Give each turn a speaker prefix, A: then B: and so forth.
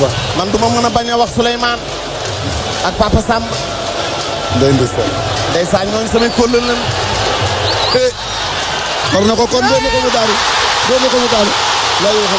A: ba ma mën a bañ a wax Souleymane ak Papa Samb Ndeye Ndesane ndeysaan ñooñu samay kóllël lan eh, war na ko kon doon
B: na ko mu daanu doon na